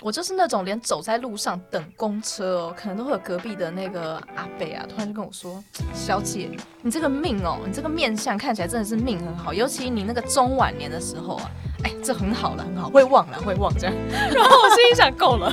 我就是那種連走在路上等公車哦，可能都會有隔壁的那個阿北啊，突然就跟我說：“小姐，你這個命哦，你這個面相看起來真的是命很好，尤其你那個中晚年的時候啊，哎，這很好了，很好，會旺了，會旺這樣。” 然後我心裡想：“夠了。”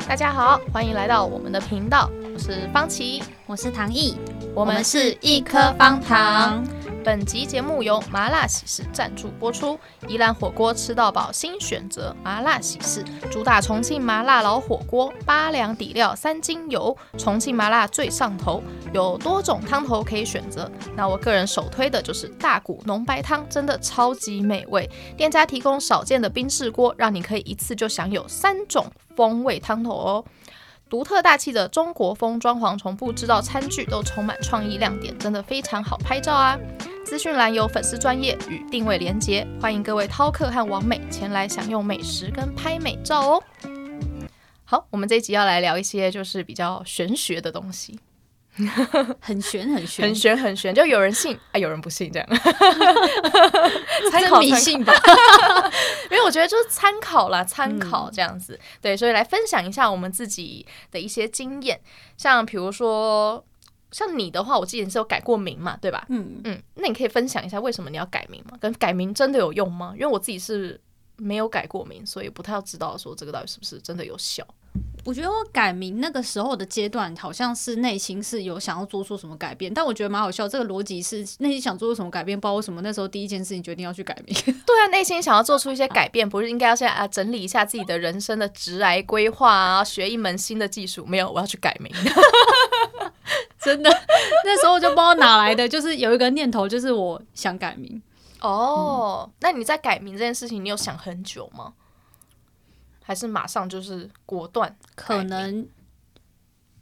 大家好，歡迎來到我們的頻道，我是方琦，我是唐毅，我們是一顆方糖。本集節目由麻辣囍室贊助播出。宜蘭火鍋吃到飽新選擇，麻辣囍室主打重慶麻辣老火鍋，八兩底料，三斤油，重慶麻辣最上頭。有多種湯頭可以選擇，那我個人首推的就是大骨濃白湯，真的超級美味。店家提供少見的賓士鍋，讓你可以一次就享有三種風味湯頭哦。獨特大氣的中國風裝潢，從布置到餐具都充滿創意亮點，真的非常好拍照啊。資訊欄有粉絲專頁與訂位連結，歡迎各位饕客、er、和網美前來享用美食跟拍美照哦。好，我們這一集要來聊一些就是比較玄學的東西，很玄很玄，很玄很玄，就有人信啊，有人不信這樣，參 考,參考 迷信吧。 因為我覺得就是參考啦，參考這樣子，嗯、對，所以來分享一下我們自己的一些經驗，像比如說。像你的話，我之前是有改過名嘛，對吧？嗯嗯，那你可以分享一下為什麼你要改名嗎？跟改名真的有用嗎？因為我自己是沒有改過名，所以不太知道說這個到底是不是真的有效。我覺得我改名那個時候的階段，好像是內心是有想要做出什麼改變，但我覺得蠻好笑。這個邏輯是內心想做出什麼改變，不知道為什麼那時候第一件事情決定要去改名。 對啊，內心想要做出一些改變，不是應該要先啊整理一下自己的人生的職涯規劃啊，學一門新的技術？沒有，我要去改名。 真的，那時候我就不知道哪來的， 就是有一個念頭，就是我想改名哦。Oh, 嗯、那你在改名這件事情，你有想很久嗎？還是馬上就是果斷？可能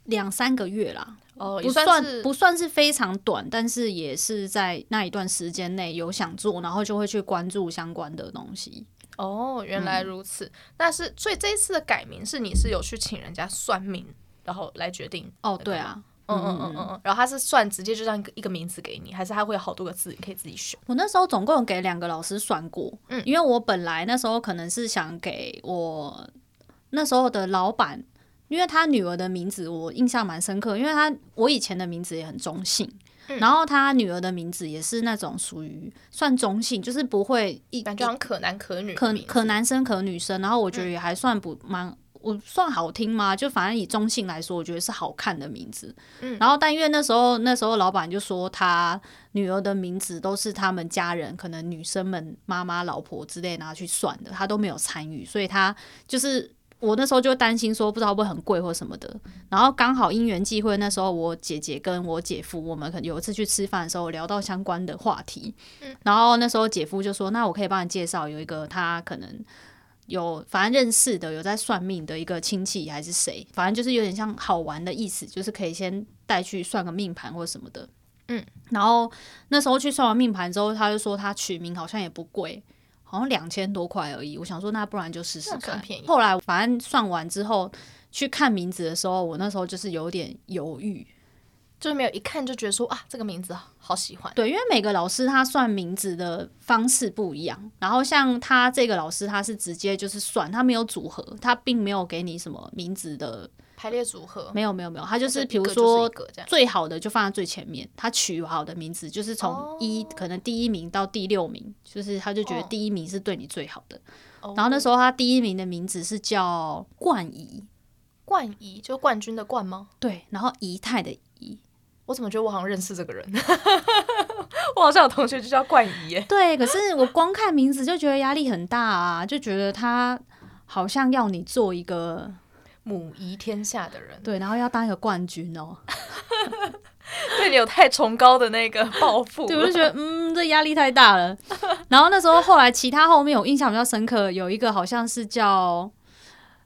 兩三個月啦，哦，oh, 不算,也算,是不算,不算是非常短，但是也是在那一段時間內有想做，然後就會去關注相關的東西。哦，oh, 原來如此。但、嗯、是所以這一次的改名是你是有去請人家算命，然後來決定。哦，oh, 對啊。嗯嗯嗯嗯嗯，oh, oh, oh, oh. 然後他是算直接就算一個一個名字給你，還是他會有好多個字你可以自己選？我那時候總共有給兩個老師算過，嗯，因為我本來那時候可能是想給我那時候的老闆，因為他女兒的名字我印象蠻深刻，因為他我以前的名字也很中性，嗯、然後他女兒的名字也是那種屬於算中性，就是不會一般就可男可女，可可男生可女生，然後我覺得也還算不、嗯、蠻。我算好聽嗎？就反正以中性來說，我覺得是好看的名字。嗯，然後但因為那時候那時候老板就說他女兒的名字都是他們家人可能女生們媽媽、老婆之類拿去算的，他都沒有參與，所以他就是我那時候就擔心說不知道會不會很貴或什麼的。然後剛好因緣際會，那時候我姐姐跟我姐夫我們可能有一次去吃飯的時候聊到相關的話題，嗯，然後那時候姐夫就說：“那我可以幫你介紹有一個他可能。”有反正認識的有在算命的一個親戚還是誰，反正就是有點像好玩的意思，就是可以先帶去算個命盤或什麼的。嗯，然後那時候去算完命盤之後，他就說他取名好像也不貴，好像兩千多塊而已。我想說那不然就試試看。後來反正算完之後去看名字的時候，我那時候就是有點猶豫。就是沒有一看就覺得說啊，這個名字好，好喜歡。對，因為每個老師他算名字的方式不一樣。然後像他這個老師，他是直接就是算，他沒有組合，他並沒有給你什麼名字的排列組合。呃、沒有沒有沒有，他就是比如說最好的就放在最前面。他取好的名字就是從一、哦、可能第一名到第六名，就是他就覺得第一名是對你最好的。哦、然後那時候他第一名的名字是叫冠儀，冠儀就冠軍的冠嗎？對，然後儀態的儀。我怎麼覺得我好像認識這個人？ 我好像有同學就叫冠怡耶。對，可是我光看名字就覺得壓力很大啊，就覺得他好像要你做一個母儀天下的人，對，然後要當一個冠軍哦。 對，你有太崇高的那個抱負，我就覺得嗯，這壓力太大了。然後那時候後來其他後面我印象比較深刻，有一個好像是叫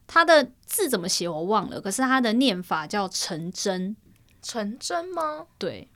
他的字怎麼寫我忘了，可是他的念法叫成真。純真嗎？對，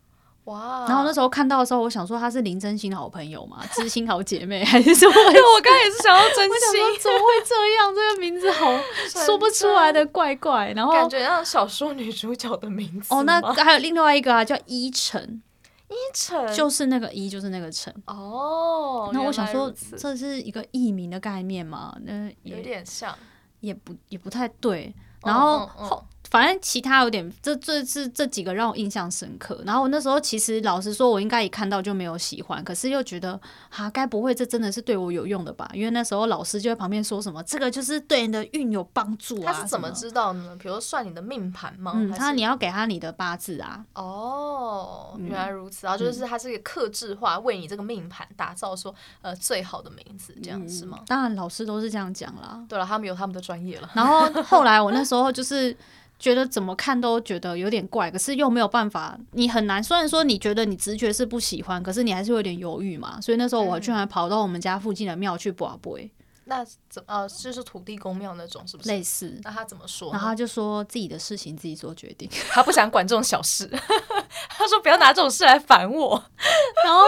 哇！然後那時候看到的時候，我想說她是林真心的好朋友嘛，知心好姐妹還是什麼？因為我剛也是想要真心，怎麼會這樣？這個名字好說不出來的怪怪，然後感覺像小說女主角的名字。哦，那還有另外一個啊，叫依晨，依晨就是那個依，就是那個晨哦。那我想說這是一個藝名的概念嘛，那有點像，也不也不太對。然後後。反正其他有點，這這是這,這,這幾個讓我印象深刻。然後我那時候其實老實說，我應該一看到就沒有喜歡，可是又覺得啊，該不會這真的是對我有用的吧？因為那時候老師就在旁邊說什麼，這個就是對你的運有幫助啊。他是怎麼知道呢？嗎比如說算你的命盤嗎？他、嗯、他你要給他你的八字啊。哦，嗯、原來如此啊，就是他是一個客製化，嗯、為你這個命盤打造說呃最好的名字，這樣子嗎、嗯？當然，老師都是這樣講啦。對了，他們有他們的專業了。然後後來我那時候就是。 覺得怎麼看都覺得有點怪，可是又沒有辦法，你很難。雖然說你覺得你直覺是不喜歡，可是你還是有點猶豫嘛。所以那時候我居然跑到我們家附近的廟去卜卦。那怎呃，就是土地公廟那種，是不是？類似。那他怎麼說？然後他就說自己的事情自己做決定， 他不想管這種小事。 他說不要拿這種事來煩我。 然後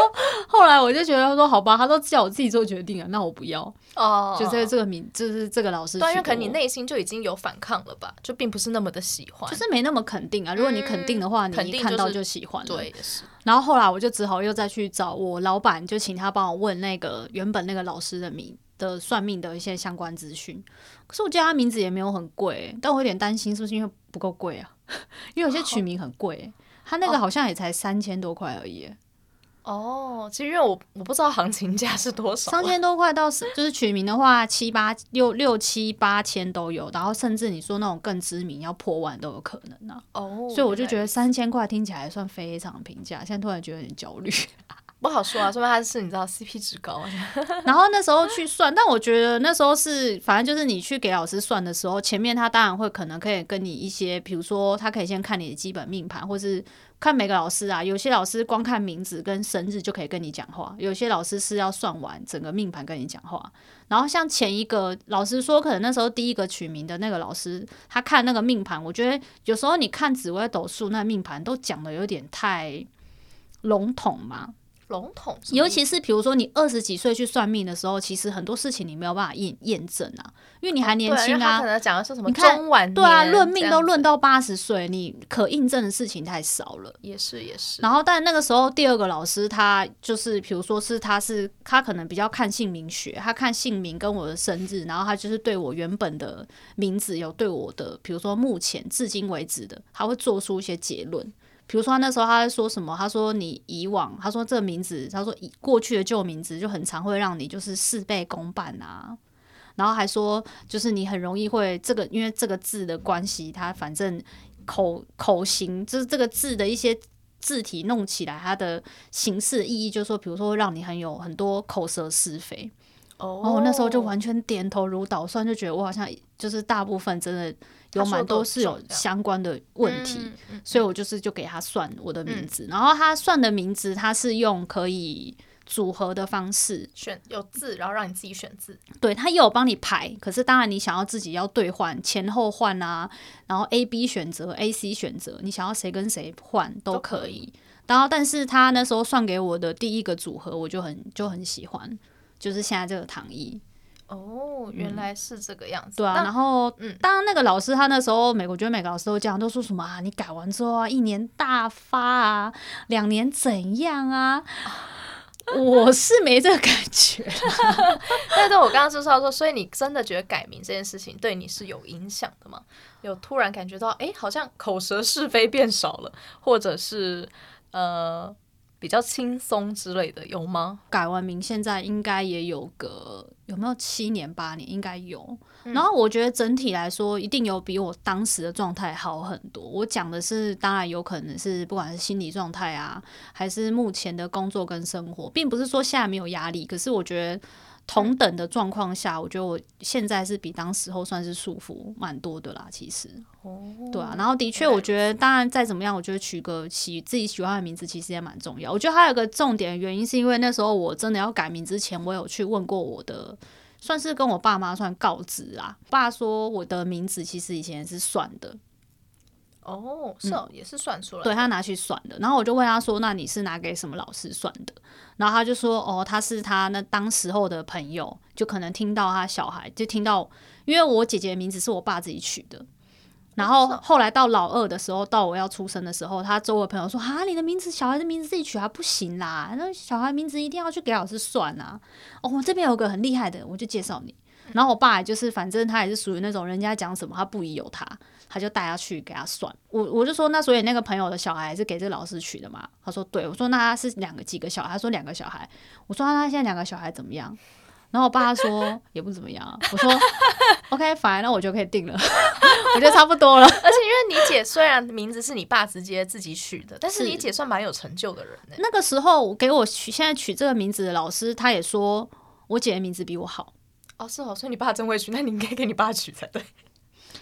後來我就覺得他說好吧，他都叫我自己做決定啊，那我不要哦。Oh, 就在這個名，oh. 就是這個老師。但是可能你內心就已經有反抗了吧，就並不是那麼的喜歡，就是沒那麼肯定啊。如果你肯定的話，嗯、你一看到肯定就,就喜歡。對，是。然後後來我就只好又再去找我老板，就請他幫我問那個原本那個老師的名。的算命的一些相關資訊，可是我記得他名字也沒有很貴、欸，但我有點擔心是不是因為不夠貴啊？因為有些取名很貴、欸，他、oh, 那個好像也才三千多塊而已、欸。哦，oh, 其實因為我我不知道行情價是多少、啊，三千多塊到是就是取名的話七八六六七八千都有，然後甚至你說那種更知名要破萬都有可能呢、啊。哦，oh, 所以我就覺得三千塊聽起來算非常平價，現在突然覺得有點焦慮。不好說啊，說明他是你知道 CP 值高。 然後那時候去算，但我覺得那時候是反正就是你去給老師算的時候，前面他當然會可能可以跟你一些，比如說他可以先看你的基本命盤，或是看每個老師啊。有些老師光看名字跟生日就可以跟你講話，有些老師是要算完整個命盤跟你講話。然後像前一個老師說，可能那時候第一個取名的那個老師，他看那個命盤，我覺得有時候你看紫微斗數那命盤都講得有點太籠統嘛。籠統，尤其是比如說你二十幾歲去算命的時候，其實很多事情你沒有辦法驗驗證啊，因為你還年輕啊。可能講的是什麼？你看，中晚年，對啊，論命都論到八十歲，你可印證的事情太少了。也是也是。然後，但那個時候第二個老師他就是，比如說是他是他可能比較看姓名學，他看姓名跟我的生日，然後他就是對我原本的名字有對我的，比如說目前至今為止的，他會做出一些結論。比如說，那時候他在說什麼？他說：“你以往，他說這名字，他說以過去的舊名字，就很常會讓你就是事倍功半啊。然後還說，就是你很容易會這個，因為這個字的關係，它反正口口型，就是這個字的一些字體弄起來，它的形式的意義，就是說比如說讓你很有很多口舌是非。”哦，oh, oh, 那時候就完全點頭如搗蒜，算就覺得我好像就是大部分真的有蠻多是有相關的問題，嗯、所以我就是就給他算我的名字，嗯、然後他算的名字，他是用可以組合的方式選有字，然後讓你自己選字，對，他也有幫你排，可是當然你想要自己要兌換前後換啊，然後 A B 選擇 A C 選擇，你想要誰跟誰換都可以，可然後但是他那時候算給我的第一個組合，我就很就很喜歡。就是現在這個糖衣哦，原來是這個樣子。對啊，然後嗯，當然那個老師他那時候，每個我覺得每個老師都這樣，都說什麼啊，你改完之後啊，一年大發啊，兩年怎樣啊？我是沒這感覺。但是我剛剛就說說，所以你真的覺得改名這件事情對你是有影響的嗎？有突然感覺到哎，好像口舌是非變少了，或者是呃。比較輕鬆之類的有嗎？改完名現在應該也有個有沒有七年八年應該有，嗯、然後我覺得整體來說一定有比我當時的狀態好很多。我講的是當然有可能是不管是心理狀態啊，還是目前的工作跟生活，並不是說現在沒有壓力，可是我覺得。同等的狀況下，我覺得我現在是比當時候算是舒服蠻多的啦。其實，哦，對啊，然後的確，我覺得當然再怎麼樣，我覺得取個其自己喜歡的名字其實也蠻重要。我覺得還有一個重點原因，是因為那時候我真的要改名之前，我有去問過我的，算是跟我爸媽算告知啊。爸說我的名字其實以前也是算的。Oh, 哦，是哦、嗯，也是算出來的。對，他拿去算的，然後我就問他說：“那你是拿給什麼老師算的？”然後他就說：“哦，他是他那當時候的朋友，就可能聽到他小孩，就聽到，因為我姐姐的名字是我爸自己取的，然後後來到老二的時候，到我要出生的時候，他周圍的朋友說：‘哈、啊，你的名字，小孩的名字自己取還、啊、不行啦，那小孩名字一定要去給老師算啊。’哦，我這邊有個很厲害的，我就介紹你。”然後我爸就是，反正他也是屬於那種人家講什麼他不疑有他，他就帶他去給他算。我我就說，那所以那個朋友的小孩是給這個老師取的嘛？他說對，我說那他是兩個幾個小孩，他說兩個小孩，我說那他現在兩個小孩怎麼樣？然後我爸他說也不怎麼樣。我說 OK，反正那我就可以定了， 我覺得差不多了。而且因為你姐雖然名字是你爸直接自己取的， 但是你姐算蠻有成就的人欸。那個時候給我取現在取這個名字的老師，他也說我姐的名字比我好。哦，是哦，所以你爸真會取，那你應該給你爸取才對。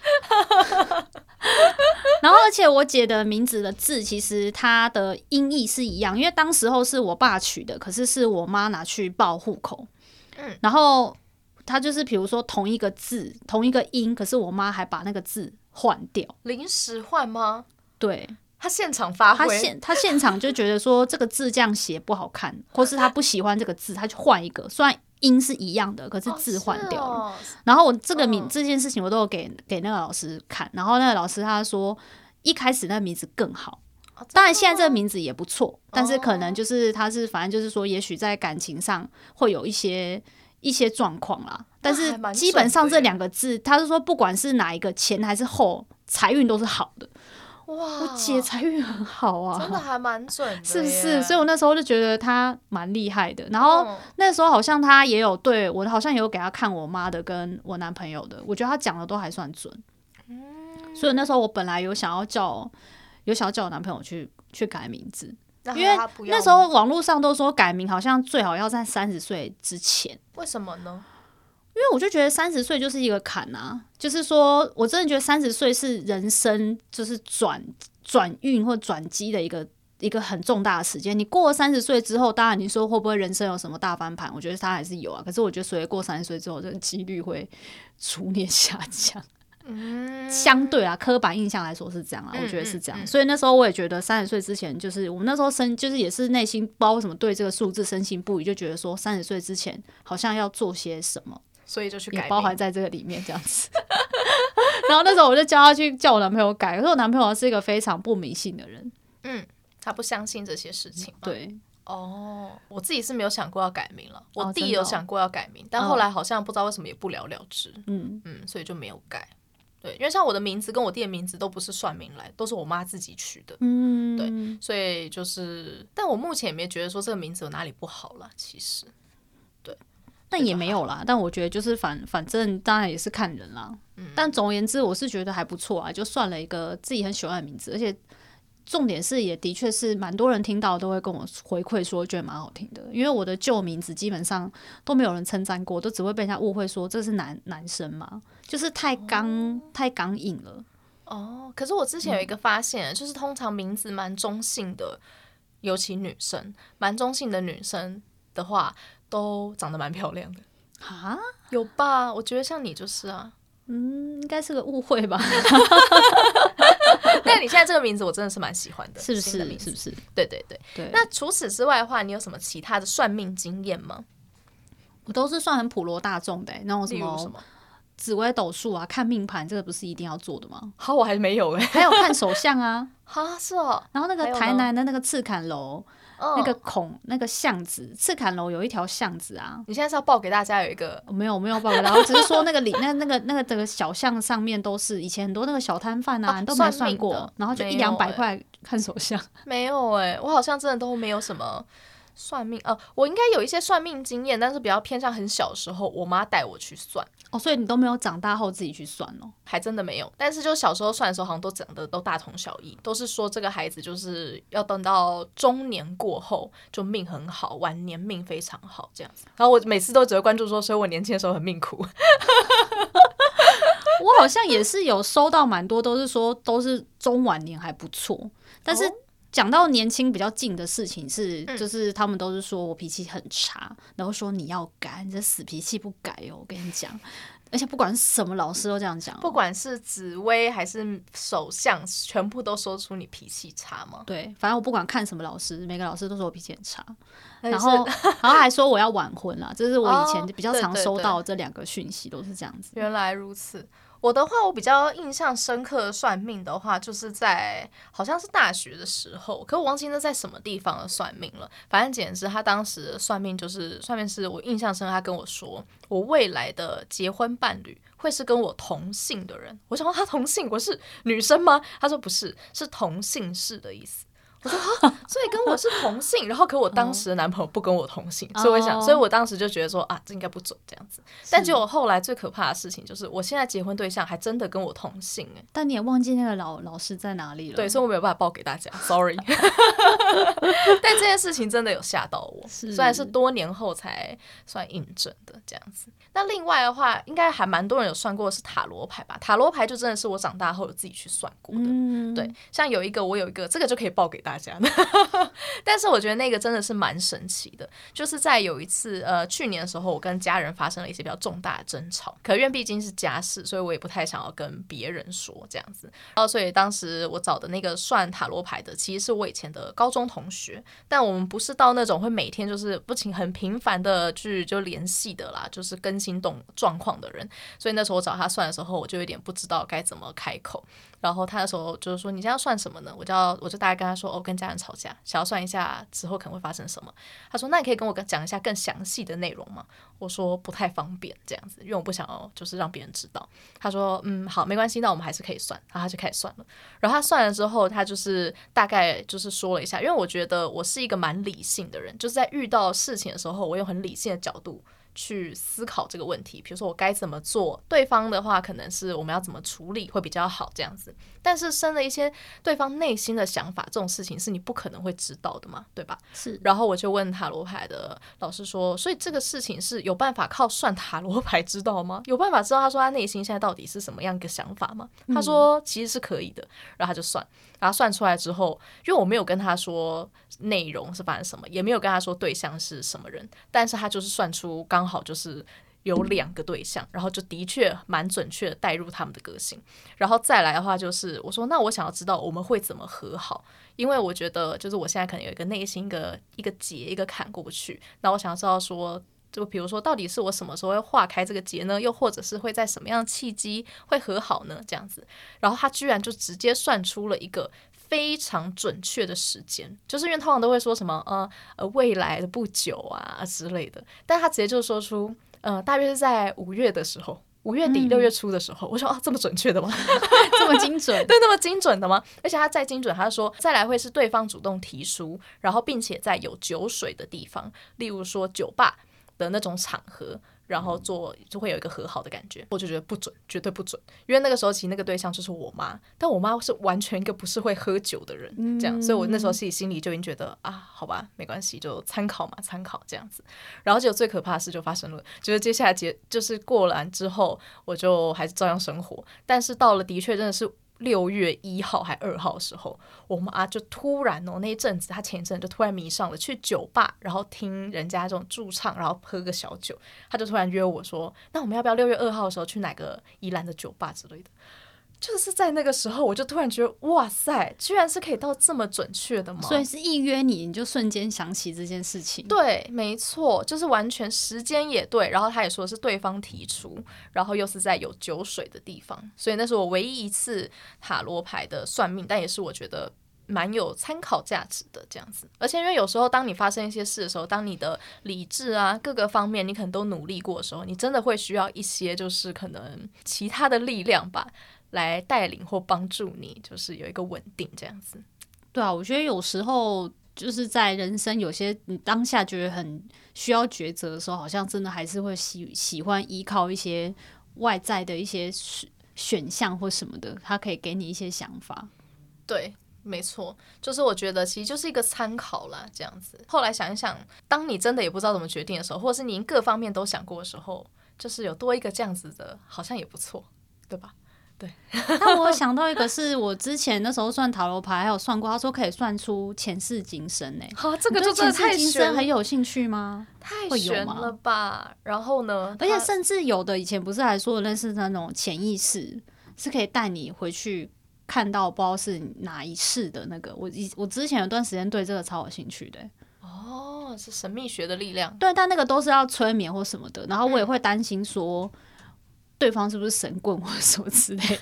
然後，而且我姐的名字的字其實它的音譯是一樣，因為當時候是我爸取的，可是是我媽拿去報戶口。嗯，然後她就是比如說同一個字，同一個音，可是我媽還把那個字換掉，臨時換嗎？對，他現場發揮，現他現場就覺得說這個字這樣寫不好看， 或是他不喜歡這個字，他就換一個，雖然。音是一樣的，可是字換掉了。哦哦、然後我這個名、嗯、這件事情，我都有給給那個老師看。然後那個老師他說，一開始那個名字更好。哦哦、當然現在這個名字也不錯，但是可能就是他是反正就是說，也許在感情上會有一些一些狀況啦。但是基本上這兩個字，他是說不管是哪一個前還是後，財運都是好的。哇，我姐財運很好啊，真的還蠻準的，是不是？所以，我那時候就覺得她蠻厲害的。然後那時候好像她也有對我，好像也有給她看我媽的跟我男朋友的，我覺得她講的都還算準。嗯，所以那時候我本來有想要叫有想要叫我男朋友去去改名字，因為那時候網絡上都說改名好像最好要在三十歲之前，為什麼呢？因為我就覺得三十歲就是一個坎啊，就是說我真的覺得三十歲是人生就是轉轉運或轉機的一個一個很重大的時間。你過了三十歲之後，當然你說會不會人生有什麼大翻盤？我覺得它還是有啊。可是我覺得，隨着過三十歲之後，這個幾率會逐年下降。嗯，相對啊，刻板印象來說是這樣啊，嗯、我覺得是這樣。嗯、所以那時候我也覺得三十歲之前，就是我們那時候生，就是也是內心不知道為什麼對這個數字深信不疑，就覺得說三十歲之前好像要做些什麼。所以就去改，包含在這個裡面這樣子。 然後那時候我就叫他去叫我男朋友改，可是我男朋友是一個非常不迷信的人。嗯，他不相信這些事情、嗯。對。哦，oh, 我自己是沒有想過要改名了。我弟、oh, 哦、有想過要改名，但後來好像不知道為什麼也不了了之。嗯嗯，所以就沒有改。對，因為像我的名字跟我弟的名字都不是算命來，都是我媽自己取的。嗯。對。所以就是，但我目前也沒覺得說這個名字有哪裡不好了。其實。那也沒有啦，對對啊、但我覺得就是反反正當然也是看人啦。嗯、但總而言之，我是覺得還不錯啊，就算了一個自己很喜歡的名字，而且重點是也的確是蠻多人聽到都會跟我回饋說覺得蠻好聽的。因為我的舊名字基本上都沒有人稱讚過，都只會被人家誤會說這是男男生嘛，就是太剛、哦、太剛硬了。哦，可是我之前有一個發現，嗯、就是通常名字蠻中性的，尤其女生蠻中性的女生的話都長得蠻漂亮的啊，有吧？我覺得像你就是啊，嗯，應該是個誤會吧。但你現在這個名字，我真的是蠻喜歡的，是不是？是不是？對對對。那除此之外的話，你有什麼其他的算命經驗嗎？我都是算很普羅大眾的，然後什麼紫微斗數啊，看命盤這個不是一定要做的嗎？好，我還是沒有哎，還有看手相啊，好，是哦，然後那個台南的那個赤崁樓，嗯、那個孔，那個巷子，赤坎樓有一條巷子啊。你現在是要報給大家有一個、哦、沒有沒有報，然後只是說那個里 那那，那個那個這、那個小巷上面都是以前很多那個小攤販啊，哦、都沒算過，算然後就一兩百塊、欸、看手相，沒有誒、欸，我好像真的都沒有什麼。 算命哦、呃，我應該有一些算命經驗，但是比較偏向很小時候，我媽帶我去算哦，所以你都沒有長大後自己去算哦，還真的沒有。但是就小時候算的時候，好像都講的都大同小異，都是說這個孩子就是要等到中年過後就命很好，晚年命非常好這樣子。然後我每次都只會關注說，所以我年輕的時候很命苦。 我好像也是有收到蠻多，都是說都是中晚年還不錯，但是、哦。講到年輕比較近的事情是，就是他們都是說我脾氣很差，嗯、然後說你要改，你這死脾氣不改喲、哦。我跟你講，而且不管什麼老師都這樣講、哦，不管是紫微還是手相，全部都說出你脾氣差嘛。對，反正我不管看什麼老師，每個老師都說我脾氣很差，是然後 然後還說我要晚婚啦，這是我以前比較常、哦、對對對收到的這兩個訊息，都是這樣子。原來如此。我的話，我比較印象深刻的算命的話，就是在好像是大學的時候，可我忘記那在什麼地方算命了。反正簡直是他當時算命，就是算命是我印象深刻，他跟我說我未來的結婚伴侶會是跟我同姓的人。我想問他同姓，我是女生嗎？他說不是，是同姓氏的意思。我說、 哦，所以跟我是同姓，然後可我當時的男朋友不跟我同姓。哦、所以我想，所以我當時就覺得說啊，這應該不準這樣子。但結果後來最可怕的事情就是，我現在結婚對象還真的跟我同姓哎。但你也忘記那個老老師在哪裡了？對，所以我沒有辦法報給大家 ，sorry。 但這件事情真的有嚇到我，雖然是，是多年後才算印證的這樣子。那另外的話，應該還蠻多人有算過是塔羅牌吧？塔羅牌就真的是我長大後有自己去算過的。嗯、對，像有一個，我有一個，這個就可以報給大家。這樣的， 但是我覺得那個真的是蠻神奇的，就是在有一次，呃，去年的時候，我跟家人發生了一些比較重大的爭吵，可願畢竟是家事，所以我也不太想要跟別人說這樣子。然後、哦、所以當時我找的那個算塔羅牌的，其實是我以前的高中同學，但我們不是到那種會每天就是不僅很頻繁的去就聯繫的啦，就是更新動狀況的人，所以那時候我找他算的時候，我就有點不知道該怎麼開口。然後他的時候就是說，你現在要算什麼呢？我就要我就大概跟他說，我、哦、跟家人吵架，想要算一下之後可能會發生什麼。他說，那你可以跟我講一下更詳細的內容嗎？我說不太方便這樣子，因為我不想要就是讓別人知道。他說，嗯，好，沒關係，那我們還是可以算。然後他就開始算了。然後他算了之後，他就是大概就是說了一下，因為我覺得我是一個蠻理性的人，就是在遇到事情的時候，我用很理性的角度。去思考這個問題，比如說我該怎麼做。對方的話，可能是我們要怎麼處理會比較好這樣子。但是生了一些對方內心的想法，這種事情是你不可能會知道的嘛，對吧？是。然後我就問塔羅牌的老師說，所以這個事情是有辦法靠算塔羅牌知道嗎？有辦法知道他說他內心現在到底是什麼樣一個想法嗎？他說其實是可以的。然後他就算。然後算出來之後，因為我沒有跟他說內容是發生什麼，也沒有跟他說對象是什麼人，但是他就是算出剛好就是有兩個對象，然後就的確蠻準確的帶入他們的個性。然後再來的話，就是我說那我想要知道我們會怎麼和好，因為我覺得就是我現在可能有一個內心的一個結一個坎過不去，那我想要知道說。就比如說，到底是我什麼時候會化開這個結呢？又或者是會在什麼樣的契機會和好呢？這樣子，然後他居然就直接算出了一個非常準確的時間，就是因為通常，常都會說什麼呃呃未來的不久啊之類的，但他直接就說出呃大約是在五月的時候，五月底六月初的時候。嗯。我說，啊，這麼準確的嗎？ 這麼精準？ 對，那麼精準的嗎？而且他再精準他，他說再來會是對方主動提出，然後並且在有酒水的地方，例如說酒吧。的那種場合，然後做就會有一個和好的感覺，嗯、我就覺得不準，絕對不準，因為那個時候其實那個對象就是我媽，但我媽是完全一個不是會喝酒的人，這樣，嗯、所以我那時候自己心裡就已經覺得啊，好吧，沒關係，就參考嘛，參考這樣子，然後就最可怕的事就發生了，就是接下來結就是過完之後，我就還是照樣生活，但是到了的確真的是。六月一號還二號的時候，我媽就突然哦，那一陣子她前一陣就突然迷上了去酒吧，然後聽人家這種駐唱，然後喝個小酒。她就突然約我說：“那我們要不要六月二號的時候去哪個宜蘭的酒吧之類的？”就是在那個時候，我就突然覺得，哇塞，居然是可以到這麼準確的嗎？所以是一約你，你就瞬間想起這件事情。對，沒錯，就是完全時間也對，然後他也說是對方提出，然後又是在有酒水的地方，所以那是我唯一一次塔羅牌的算命，但也是我覺得蠻有參考價值的這樣子。而且因為有時候當你發生一些事的時候，當你的理智啊各個方面你可能都努力過的時候，你真的會需要一些就是可能其他的力量吧。來帶領或幫助你，就是有一個穩定這樣子。對啊，我覺得有時候就是在人生有些你當下覺得很需要抉擇的時候，好像真的還是會喜喜歡依靠一些外在的一些選項或什麼的，它可以給你一些想法。對，沒錯，就是我覺得其實就是一個參考啦，這樣子。後來想一想，當你真的也不知道怎麼決定的時候，或是你各方面都想過的時候，就是有多一個這樣子的，好像也不錯，對吧？對， 但我想到一個，是我之前那時候算塔羅牌，還有算過，他說可以算出前世今生呢。好，這個就真的太玄，你對前世很有興趣嗎？太玄了吧？然後呢？而且甚至有的以前不是還說認識那，那種潛意識是可以帶你回去看到不知道是哪一世的那個。我我之前有段時間對這個超有興趣的。哦，是神秘學的力量。對，但那個都是要催眠或什麼的，然後我也會擔心說。對方是不是神棍或什麼之類的？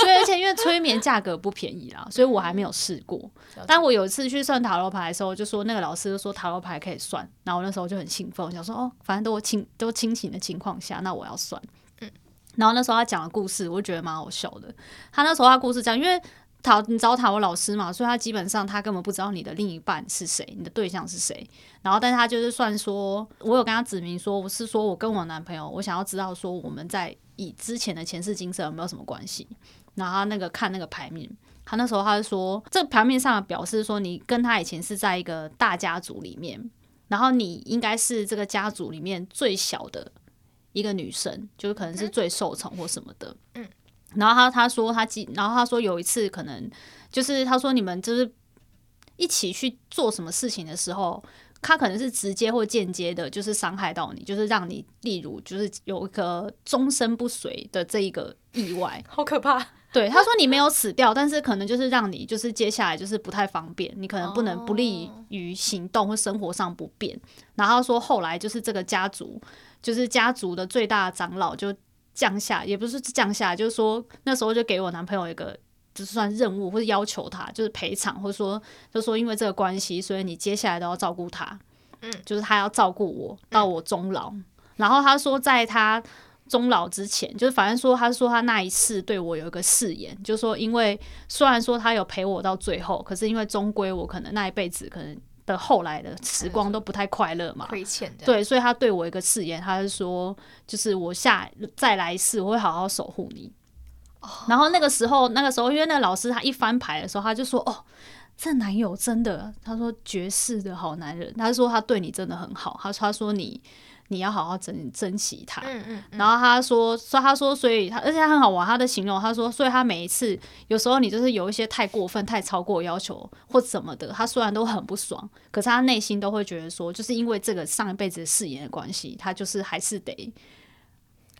所以，而且因為催眠價格不便宜啦，所以我還沒有試過。了解。但我有一次去算塔羅牌的時候，就說那個老師就說塔羅牌可以算，然後我那時候就很興奮，我想說哦，反正都清都清醒的情況下，那我要算。嗯，然後那時候他講的故事，我就覺得蠻好笑的。他那時候他故事講，因為塔你找塔羅老師嘛，所以他基本上他根本不知道你的另一半是誰，你的對象是誰。然後，但他就是算說，我有跟他指明說，我是說我跟我男朋友，我想要知道說我們在。以之前的前世今生有沒有什麼關係？然後他那個看那個牌面，他那時候他就說，這個牌面上表示說，你跟他以前是在一個大家族裡面，然後你應該是這個家族裡面最小的一個女生，就是可能是最受寵或什麼的。嗯。然後他他說他，然後他說有一次可能就是他說你們就是一起去做什麼事情的時候。他可能是直接或間接的，就是傷害到你，就是讓你，例如就是有一個終身不遂的這一個意外，好可怕。對，他說你沒有死掉， 但是可能就是讓你就是接下來就是不太方便，你可能不能不利於行動或生活上不便。Oh. 然後說後來就是這個家族，就是家族的最大的長老就降下，也不是降下，就是說那時候就給我男朋友一個。就是算任務或者要求他，就是賠償，或者說就說因為這個關係，所以你接下來都要照顧他。嗯，就是他要照顧我到我終老。然後他說，在他終老之前，就是反正說，他說他那一次對我有一個誓言，就是說，因為雖然說他有陪我到最後，可是因為終歸我可能那一輩子可能的後來的時光都不太快樂嘛，虧欠。對，所以他對我一個誓言，他是說，就是我下再來一次，我會好好守護你。然後那個時候，那個時候，因為那個老師他一翻牌的時候，他就說：“哦，這男友真的，他說絕世的好男人。他說他對你真的很好。他他說你，你要好好珍珍惜他。嗯嗯。然後他說說他說，所以他所以而且他很好玩，他的形容，他說，所以他每一次有時候你就是有一些太過分、太超過要求或怎麼的，他雖然都很不爽，可是他內心都會覺得說，就是因為這個上一輩子誓言的關係，他就是還是得。”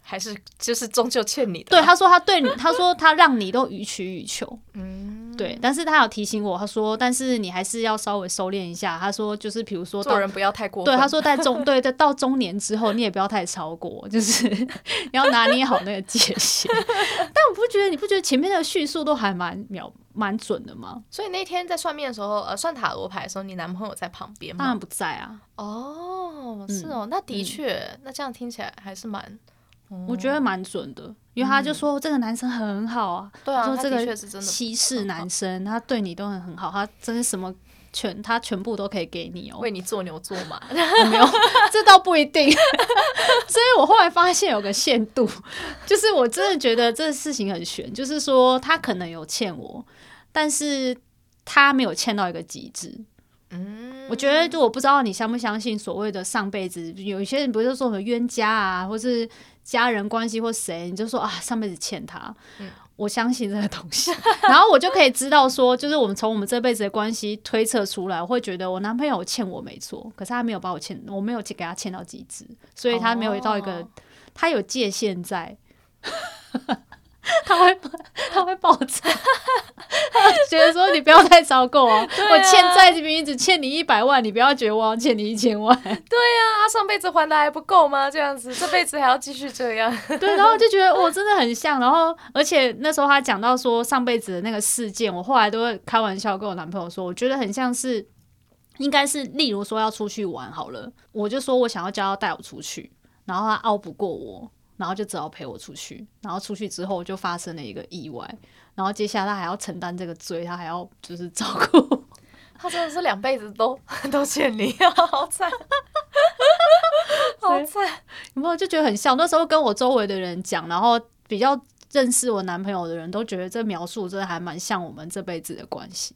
還是就是終究欠你的。對，他說他對你， 他說他讓你都予取予求。嗯，對。但是他有提醒我，他說，但是你還是要稍微收斂一下。他說，就是比如說做人不要太過分。對，他說在中，對，在 到中年之後，你也不要太超過，就是 你要拿捏好那個界限。 但我不覺得，你不覺得前面的敘述都還蠻秒、蠻準的嗎？所以那天在算命的時候，呃，算塔羅牌的時候，你男朋友在旁邊嗎？當然不在啊。哦，是哦、喔，嗯、那的確，嗯、那這樣聽起來還是蠻。我覺得蠻準的，因為他就說這個男生很好啊，嗯、他說這個七世男生他對你都很很好，他真的什麼全他全部都可以給你哦、喔，為你做牛做馬。 有沒有，這倒不一定， 所以我後來發現有個限度，就是我真的覺得這事情很玄，就是說他可能有欠我，但是他沒有欠到一個極致。嗯。我覺得，就我不知道你相不相信所謂的上輩子，有一些人不是說什麼冤家啊，或是家人關係或誰，你就說啊，上輩子欠他。嗯、我相信這個東西，然後我就可以知道說， 就是我們從我們這輩子的關係推測出來，我會覺得我男朋友欠我沒錯，可是他沒有把我欠，我沒有去給他欠到極致，所以他沒有到一個，哦、他有界限在。 他會，他會爆炸，他就 覺得說你不要太超過哦，我欠債這邊一直欠你一百萬，你不要覺得我要欠你一千萬。對呀、啊，啊、上輩子還的還不夠嗎？這樣子，這輩子還要繼續這樣。 對，然後我就覺得我真的很像。然後，而且那時候他講到說上輩子的那個事件，我後來都會開玩笑跟我男朋友說，我覺得很像是，應該是例如說要出去玩好了，我就說我想要叫他帶我出去，然後他拗不過我。然後就只好陪我出去，然後出去之後就發生了一個意外，然後接下來他還要承擔這個罪，他還要就是照顧我，他真的是兩輩子都 都欠你，好慘， 好慘！有沒有就覺得很像？那時候跟我周圍的人講，然後比較認識我男朋友的人都覺得這描述真的還蠻像我們這輩子的關係。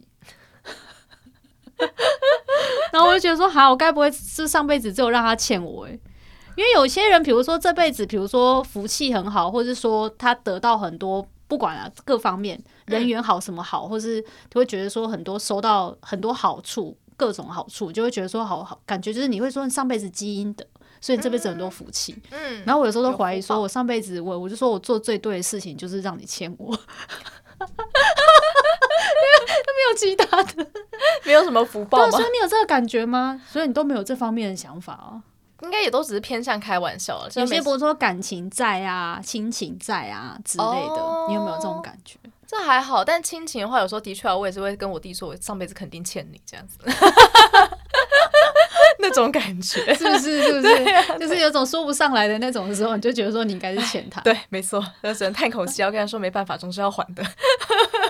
然後我就覺得說，好，我該不會是上輩子只有讓他欠我、欸？哎。因為有些人，比如說這輩子，比如說福氣很好，或者是說他得到很多，不管啊，各方面人緣好什麼好，嗯、或是會覺得說很多，收到很多好處，各種好處，就會覺得說好好，感覺就是你會說你上輩子基因的，所以你這輩子很多福氣。嗯，然後我有時候都懷疑說，我上輩子我我就說我做最對的事情就是讓你欠我，哈哈哈哈哈， 沒有其他的， 沒有什麼福報嗎？所以你有這個感覺嗎？所以你都沒有這方面的想法哦、啊。應該也都只是偏向開玩笑了，了有些會說感情債啊，親情債啊，之類的。哦、你有沒有這種感覺？這還好，但親情的話，有時候的確，我也是會跟我弟說，我上輩子肯定欠你這樣子， 那種感覺是不是，是不是？是不是？就是有種說不上來的那種的時候，你就覺得說你應該是欠他。對，沒錯，只能嘆口氣，要跟他說沒辦法，總是要還的。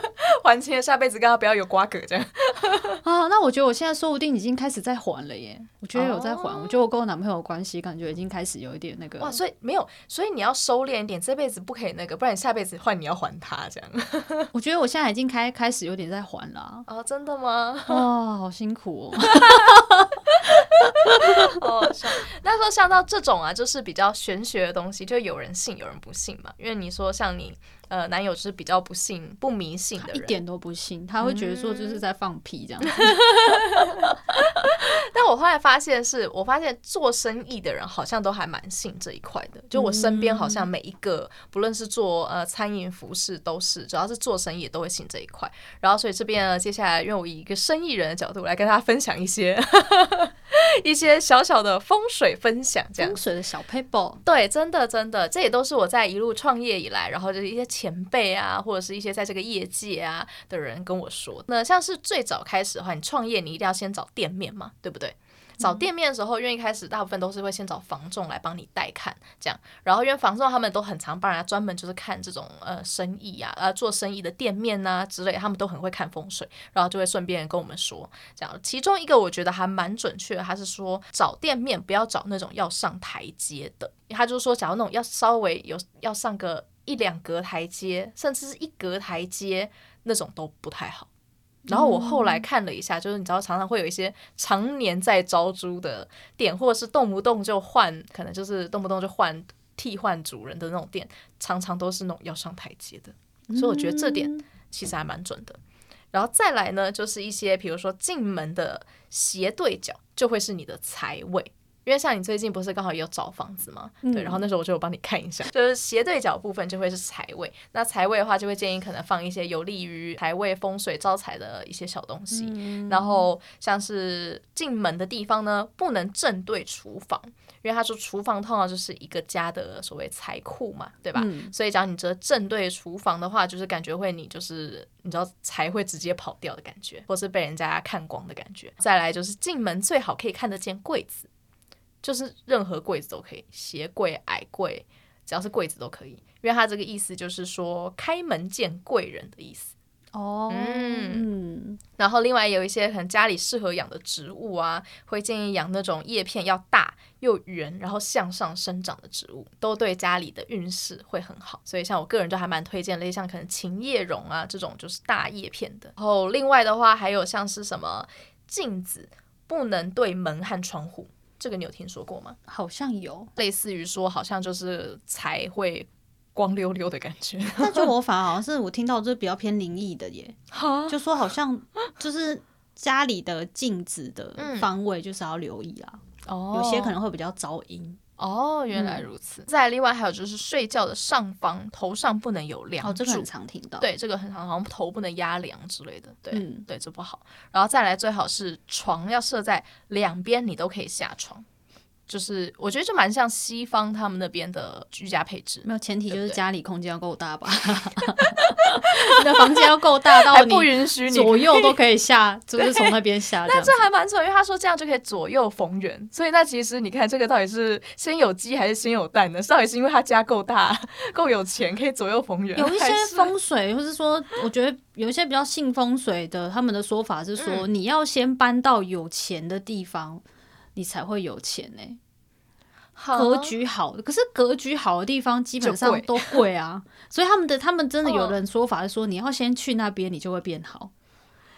還錢，下輩子跟他不要有瓜葛。這樣啊？那我覺得我現在說不定已經開始在還了耶。我覺得有在還，哦、我覺得我跟我男朋友關係感覺已經開始有一點那個。哇，所以沒有，所以你要收斂一點，這輩子不可以那個，不然你下輩子換你要還他這樣。我覺得我現在已經開開始有點在還了啊？哦、真的嗎？哇，好辛苦哦。 哦，哈，那說像到這種啊，就是比較玄學的東西，就有人信，有人不信嘛。因為你說像你呃，男友是比較不信，不迷信的人，一點都不信，他會覺得說就是在放屁這樣子。 但我後來發現是，我發現做生意的人好像都還蠻信這一塊的。就我身邊好像每一個，不論是做呃餐飲、服飾，都是主要是做生意都會信這一塊。然後所以這邊，嗯、接下來，用我以一個生意人的角度來跟大家分享一些。 一些小小的風水分享，這樣風水的小 paper，對，真的真的，這也都是我在一路創業以來，然後就是一些前輩啊，或者是一些在這個業界啊的人跟我說，那像是最早開始的話，你創業你一定要先找店面嘛，對不對？找店面的時候，因為一開始大部分都是會先找房仲來幫你帶看，這樣。然後因為房仲他們都很常幫人家專門就是看這種呃生意呀、啊、呃做生意的店面吶、啊、之類，他們都很會看風水，然後就會順便跟我們說，這樣。其中一個我覺得還蠻準確的，他是說找店面不要找那種要上台階的，他就是說假如那種要稍微有要上個一兩格台階，甚至是一格台階那種都不太好。然後我後來看了一下，就是你知道，常常會有一些常年在招租的店，或者是動不動就換，可能就是動不動就換替換主人的那種店，常常都是那種要上台階的。所以我覺得這點其實還蠻準的。然後再來呢，就是一些，比如說進門的斜對角就會是你的財位。因為像你最近不是剛好也有找房子嗎？對，然後那時候我就幫你看一下，嗯、就是斜對角部分就會是財位，那財位的話就會建議可能放一些有利於財位風水招財的一些小東西。嗯、然後像是進門的地方呢，不能正對廚房，因為他說廚房通常就是一個家的所謂財庫嘛，對吧？嗯、所以只要你這正對廚房的話，就是感覺會你就是你知道財會直接跑掉的感覺，或是被人家看光的感覺。再來就是進門最好可以看得見櫃子。就是任何櫃子都可以，鞋櫃、矮櫃，只要是櫃子都可以。因為它這個意思就是說開門見貴人的意思哦。Oh. 嗯，然後另外有一些可能家裡適合養的植物啊，會建議養那種葉片要大又圓，然後向上生長的植物，都對家裡的運勢會很好。所以像我個人就還蠻推薦的，類似像可能琴葉榕啊，這種就是大葉片的。然後另外的話還有像是什麼鏡子不能對門和窗戶。這個你有聽說過嗎？好像有，類似於說，好像就是財會光溜溜的感覺。 但就我反而好像是我聽到，就是比較偏靈異的耶， 就說好像就是家裡的鏡子的方位就是要留意啊，嗯、有些可能會比較招陰。哦 哦，原來如此。嗯、再另外還有就是睡覺的上方頭上不能有樑，哦，這個很常聽到。對，這個很常，好像頭不能壓樑之類的。對，嗯、對，這不好。然後再來，最好是床要設在兩邊，你都可以下床。就是我覺得就蠻像西方他們那邊的居家配置，沒有前提就是家裡空間要夠大吧， 你的房間要夠大到不允許左右都可以下，以就是從那邊下。那這還蠻準，因為他說這樣就可以左右逢源。所以那其實你看這個到底是先有雞還是先有蛋呢？到底是因為他家夠大，夠有錢，可以左右逢源？有一些風水，是或者說我覺得有一些比較信風水的，他們的說法是說，嗯、你要先搬到有錢的地方。你才會有錢呢、欸，好格局好，可是格局好的地方基本上貴都貴啊，所以他們的他們真的有人說法是說，你要先去那邊，你就會變好，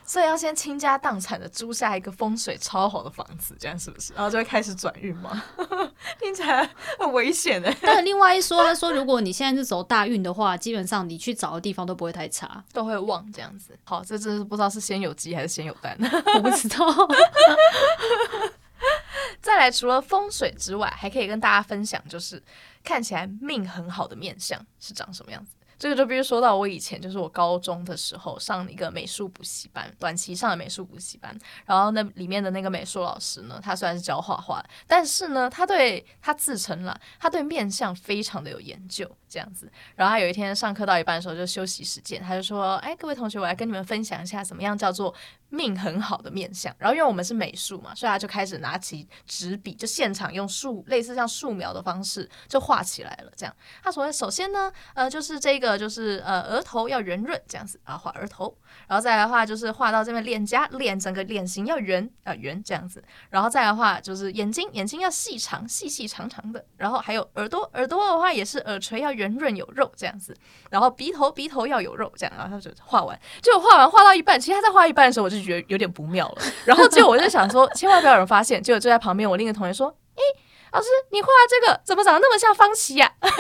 所以要先傾家蕩產的租下一個風水超好的房子，這樣是不是？然後就會開始轉運嗎？ 聽起來很危險哎、欸。但另外一說，他說如果你現在是走大運的話，基本上你去找的地方都不會太差，都會旺這樣子。好，這真是不知道是先有雞還是先有蛋， 我不知道。 再來，除了風水之外，還可以跟大家分享，就是看起來命很好的面相是長什麼樣子。這個就必須說到我以前，就是我高中的時候上了一個美術補習班，短期上的美術補習班。然後那裡面的那個美術老師呢，他雖然是教畫畫，但是呢，他對他自稱了，他對面相非常的有研究。這樣子，然後他有一天上課到一半的時候，就休息時間，他就說：“哎，各位同學，我來跟你們分享一下怎麼樣叫做命很好的面相。”然後因為我們是美術嘛，所以他就開始拿起紙筆，就現場用素類似像素描的方式就畫起來了。這樣，他所謂首先呢，呃，就是這個就是呃額頭要圓潤這樣子啊，畫額頭。然後再來的話就是畫到這邊臉頰，臉整個臉型要圓啊、呃、圓這樣子。然後再來的話就是眼睛，眼睛要細長，細細長長的。然後還有耳朵，耳朵的話也是耳垂要圓潤有肉這樣子，然後鼻頭鼻頭要有肉這樣，然後他就畫完，就畫完畫到一半，其實他在畫一半的時候，我就覺得有點不妙了。 然後結果我就想說，千萬不要有人發現。結果就在旁邊，我另一個同學說：“哎、欸，老師，你畫這個怎麼長得那麼像方琦呀、啊？”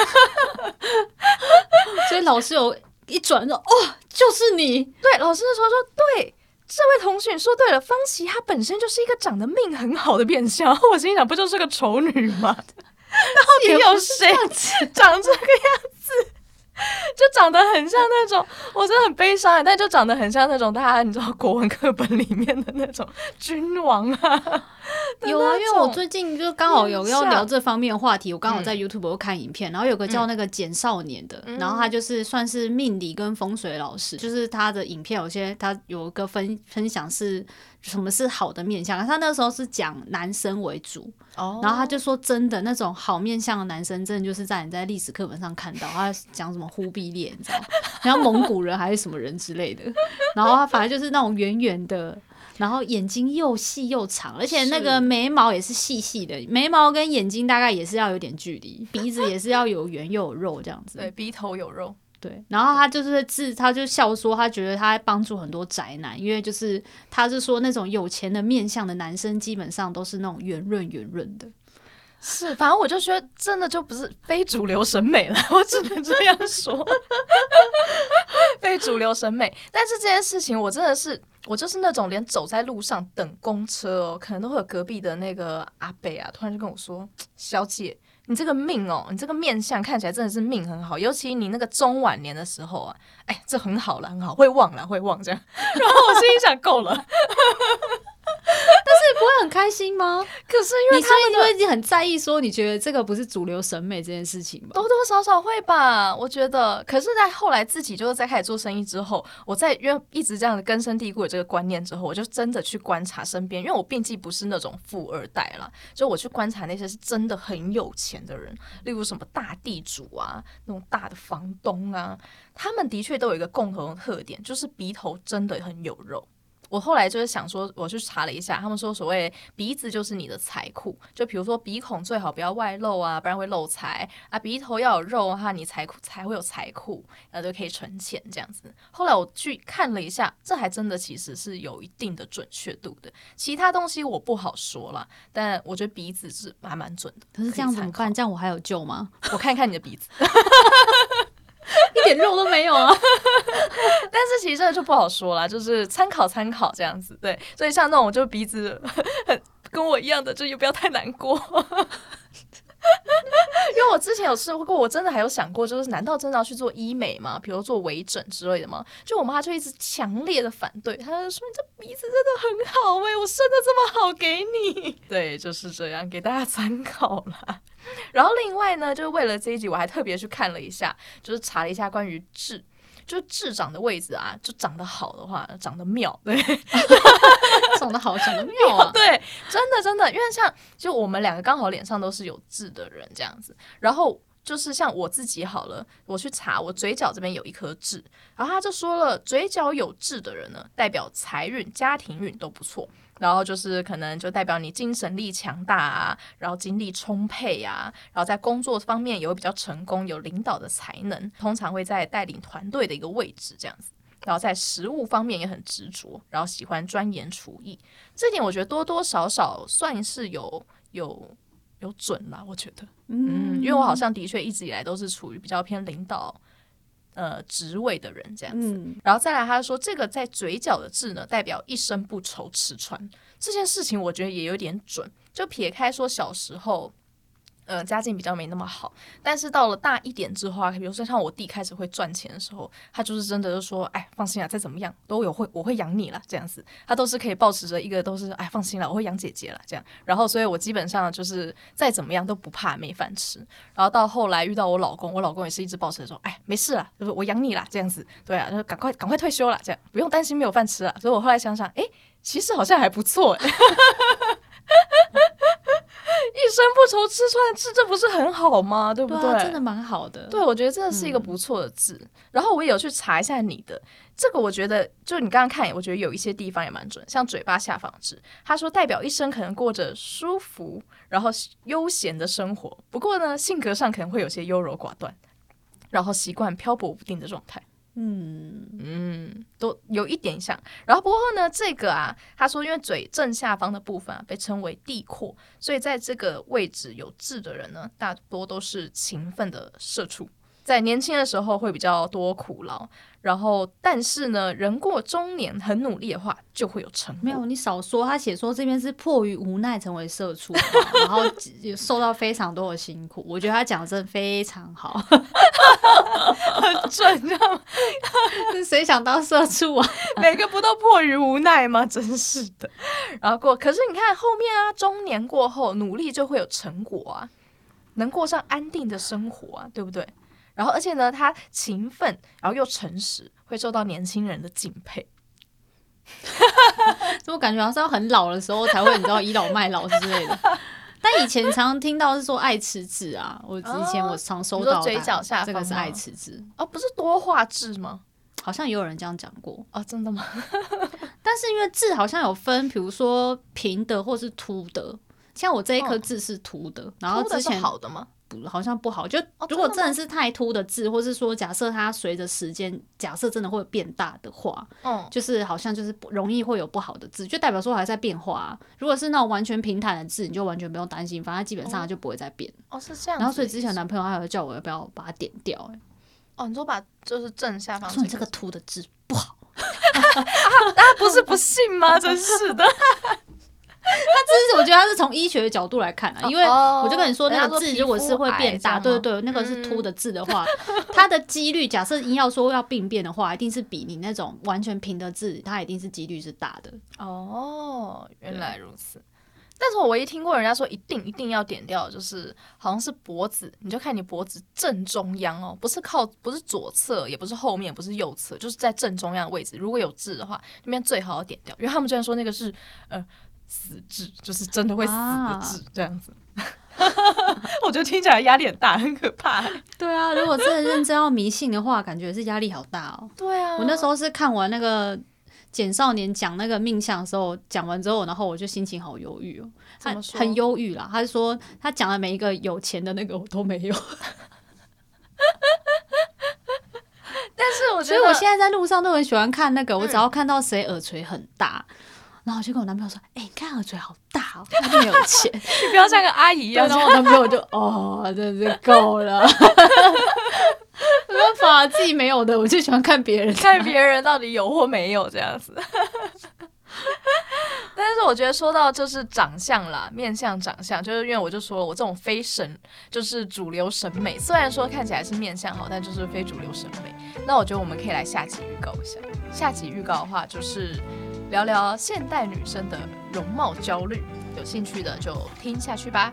所以老師有一轉，說：“哦，就是你。”對，老師就說說：“對，這位同學說對了，方琦她本身就是一個長得命很好的面相。”我心裡想，不就是個醜女嗎？ 到底有誰長這個樣子？就長得很像那種，我真的很悲傷，但就長得很像那種，大家你知道國文課本裡面的那種君王啊。有啊，因為我最近就剛好有要聊這方面的話題，我剛好在 YouTube 看影片，嗯、然後有個叫那個簡少年的，嗯、然後他就是算是命理跟風水老師，就是他的影片有些他有個分分享是。什麼是好的面相？他那時候是講男生為主，oh. 然後他就說真的那種好面相的男生，真的就是在你在歷史課本上看到他講什麼忽必烈，你知道嗎？然後蒙古人還是什麼人之類的， 然後他反正就是那種圓圓的，然後眼睛又細又長，而且那個眉毛也是細細的，眉毛跟眼睛大概也是要有點距離，鼻子也是要有圓又有肉這樣子，對，鼻頭有肉。對，然後他就是自，他就笑說，他覺得他在幫助很多宅男，因為就是他是說那種有錢的面相的男生，基本上都是那種圓潤圓潤的。是，反正我就覺得真的就不是非主流審美了， 我只能這樣說。 非主流審美，但是這件事情我真的是，我就是那種連走在路上等公車哦，可能都會有隔壁的那個阿北啊，突然就跟我說，小姐。你這個命哦，你這個面相看起來真的是命很好，尤其你那個中晚年的時候啊，哎，這很好了，很好，會旺了，會旺這樣。 然後我心裡想，夠了。 但是你不會很開心嗎？ 可是因為他們都已經很在意，說你覺得這個不是主流審美這件事情嗎？多多少少會吧，我覺得。可是，在後來自己就是在開始做生意之後，我在因為一直這樣的根深蒂固的這個觀念之後，我就真的去觀察身邊，因為我畢竟不是那種富二代了，就我去觀察那些是真的很有錢的人，例如什麼大地主啊，那種大的房東啊，他們的確都有一個共同的特點，就是鼻頭真的很有肉。我後來就是想說，我去查了一下，他們說所謂鼻子就是你的財庫，就比如說鼻孔最好不要外露啊，不然會漏財啊，鼻頭要有肉的話，你財庫才會有財庫，然後就可以存錢這樣子。後來我去看了一下，這還真的其實是有一定的準確度的，其他東西我不好說了，但我覺得鼻子是還蠻準的。可是這樣子怎麼辦？這樣我還有救嗎？ 我看看你的鼻子。 一點肉都沒有啊 ！但是其實這就不好說了，就是參考參考這樣子。對，所以像那種就鼻子很跟我一樣的，就也不要太難過。 因為我之前有試過，我真的還有想過，就是難道真的要去做醫美嗎？比如做微整之類的嗎？就我媽就一直強烈的反對，她就說：“你這鼻子真的很好哎、欸，我生的這麼好給你。” 對，就是這樣，給大家參考啦。 然後另外呢，就是為了這一集，我還特別去看了一下，就是查了一下關於痣。就痣長的位置啊，就長得好的話，長得妙，對， 長得好，長得妙啊，妙，對，真的真的，因為像就我們兩個剛好臉上都是有痣的人這樣子，然後就是像我自己好了，我去查我嘴角這邊有一顆痣，然後他就說了，嘴角有痣的人呢，代表財運、家庭運都不錯。然後就是可能就代表你精神力強大啊，然後精力充沛啊，然後在工作方面也會比較成功，有領導的才能，通常會在帶領團隊的一個位置這樣子。然後在食物方面也很執着，然後喜歡鑽研廚藝，這點我覺得多多少少算是有有有準啦。我覺得，嗯，嗯，因為我好像的確一直以來都是處於比較偏領導。呃，職位的人這樣子，嗯、然後再來，他說，這個在嘴角的痣呢，代表一生不愁吃穿。這件事情我覺得也有點準，就撇開說小時候。呃、嗯，家境比較沒那麼好，但是到了大一點之後、啊，比如說像我弟開始會賺錢的時候，他就是真的就說：“哎，放心了，再怎麼樣都有會，我會養你了。”這樣子，他都是可以抱持著一個都是“哎，放心了，我會養姐姐了。”這樣，然後所以，我基本上就是再怎麼樣都不怕沒飯吃。然後到後來遇到我老公，我老公也是一直抱持著說：“哎，沒事了，就是我養你了。”這樣子，對啊，他說：“趕快趕快退休了，這樣不用擔心沒有飯吃了。”所以，我後來想想，哎、欸，其實好像還不錯、欸。 不愁吃穿吃，這不是很好嗎？對不對？對啊，真的蠻好的。對，我覺得這是一個不錯的字。嗯，然後我也有去查一下你的這個，我覺得就你剛剛看，我覺得有一些地方也蠻準，像嘴巴下方痣，他說代表一生可能過着舒服然後悠閒的生活。不過呢，性格上可能會有些優柔寡斷，然後習慣漂泊不定的狀態。嗯嗯，都有一點像。然後不過呢，這個啊，他說，因為嘴正下方的部分啊被稱為地闊，所以在這個位置有痣的人呢，大多都是勤奮的社畜，在年輕的時候會比較多苦勞，然後但是呢，人過中年，很努力的話就會有成果。沒有你少說，他寫說這邊是迫於無奈成為社畜， 然後受到非常多的辛苦。我覺得他講的真的非常好，很準，你知道嗎？誰想當社畜啊？ 每個不都迫於無奈嗎？真是的。 然後過，可是你看後面啊，中年過後努力就會有成果啊，能過上安定的生活啊，對不對？然後，而且呢，他勤奮，然後又誠實，會受到年輕人的敬佩。怎麼 感覺好像是要很老的時候才會，你知道倚 老賣老之類的？但以前常聽到是說愛吃痣啊，哦、我以前我常收到的，嘴角下這個是愛吃痣啊，不是多話痣嗎？好像也有人這樣講過啊、哦，真的嗎？ 但是因為痣好像有分，比如說平的或是凸的，像我這一顆痣是凸的，哦、然後之前的好的好像不好，就如果真的是太凸的痣，哦、真的嗎？或是說假設它隨着時間，假設真的會變大的話，嗯，就是好像就是容易會有不好的痣，就代表說還在變化、啊。如果是那種完全平坦的痣，你就完全不用擔心，反正基本上它就不會再變。哦，哦，是這樣是。然後所以之前男朋友還有叫我要不要把它點掉、欸，哎，哦，你說把就是正下方，說你這個凸的痣不好， 啊，啊不是不信嗎？ 真是的。 他 這是我覺得他是從醫學的角度來看啊，哦哦、因為我就跟你說那個痣如果是會變大，對對對，那個是凸的痣的話，嗯、它的幾率，假設硬要說要病變的話， 一定是比你那種完全平的痣，它一定是幾率是大的。哦，原來如此。對但是我唯一聽過人家說一定一定要點掉，就是好像是脖子，你就看你脖子正中央哦，不是靠，不是左側，也不是後面，不是右側，就是在正中央的位置，如果有痣的話，那邊最好要點掉，因為他們之前說那個是，呃。死誌就是真的會死誌、啊，這樣子， 我覺得聽起來壓力很大，很可怕、欸。對啊，如果真的認真要迷信的話， 感覺是壓力好大哦。對啊，我那時候是看完那個簡少年講那個命相的時候，講完之後，然後我就心情好憂鬱哦，很憂鬱啦。他就說他講了每一個有錢的那個我都沒有， 但是我所以我現在在路上都很喜歡看那個，嗯、我只要看到誰耳垂很大。然後我就跟我男朋友說：“哎、欸，你看我的嘴好大哦，他沒有錢， 你不要像個阿姨一樣。”然後我男朋友就：“ 哦，真的夠了。 ”我說：“反自己沒有的，我就喜歡看別人，看別人到底有或沒有這樣子。 ”但是我覺得說到就是長相啦，面相長相，就是因為我就說我這種非神就是主流審美，雖然說看起來是面相好，但就是非主流審美。那我覺得我們可以來下集預告一下，下集預告的話就是。聊聊現代女生的容貌焦慮，有興趣的就聽下去吧。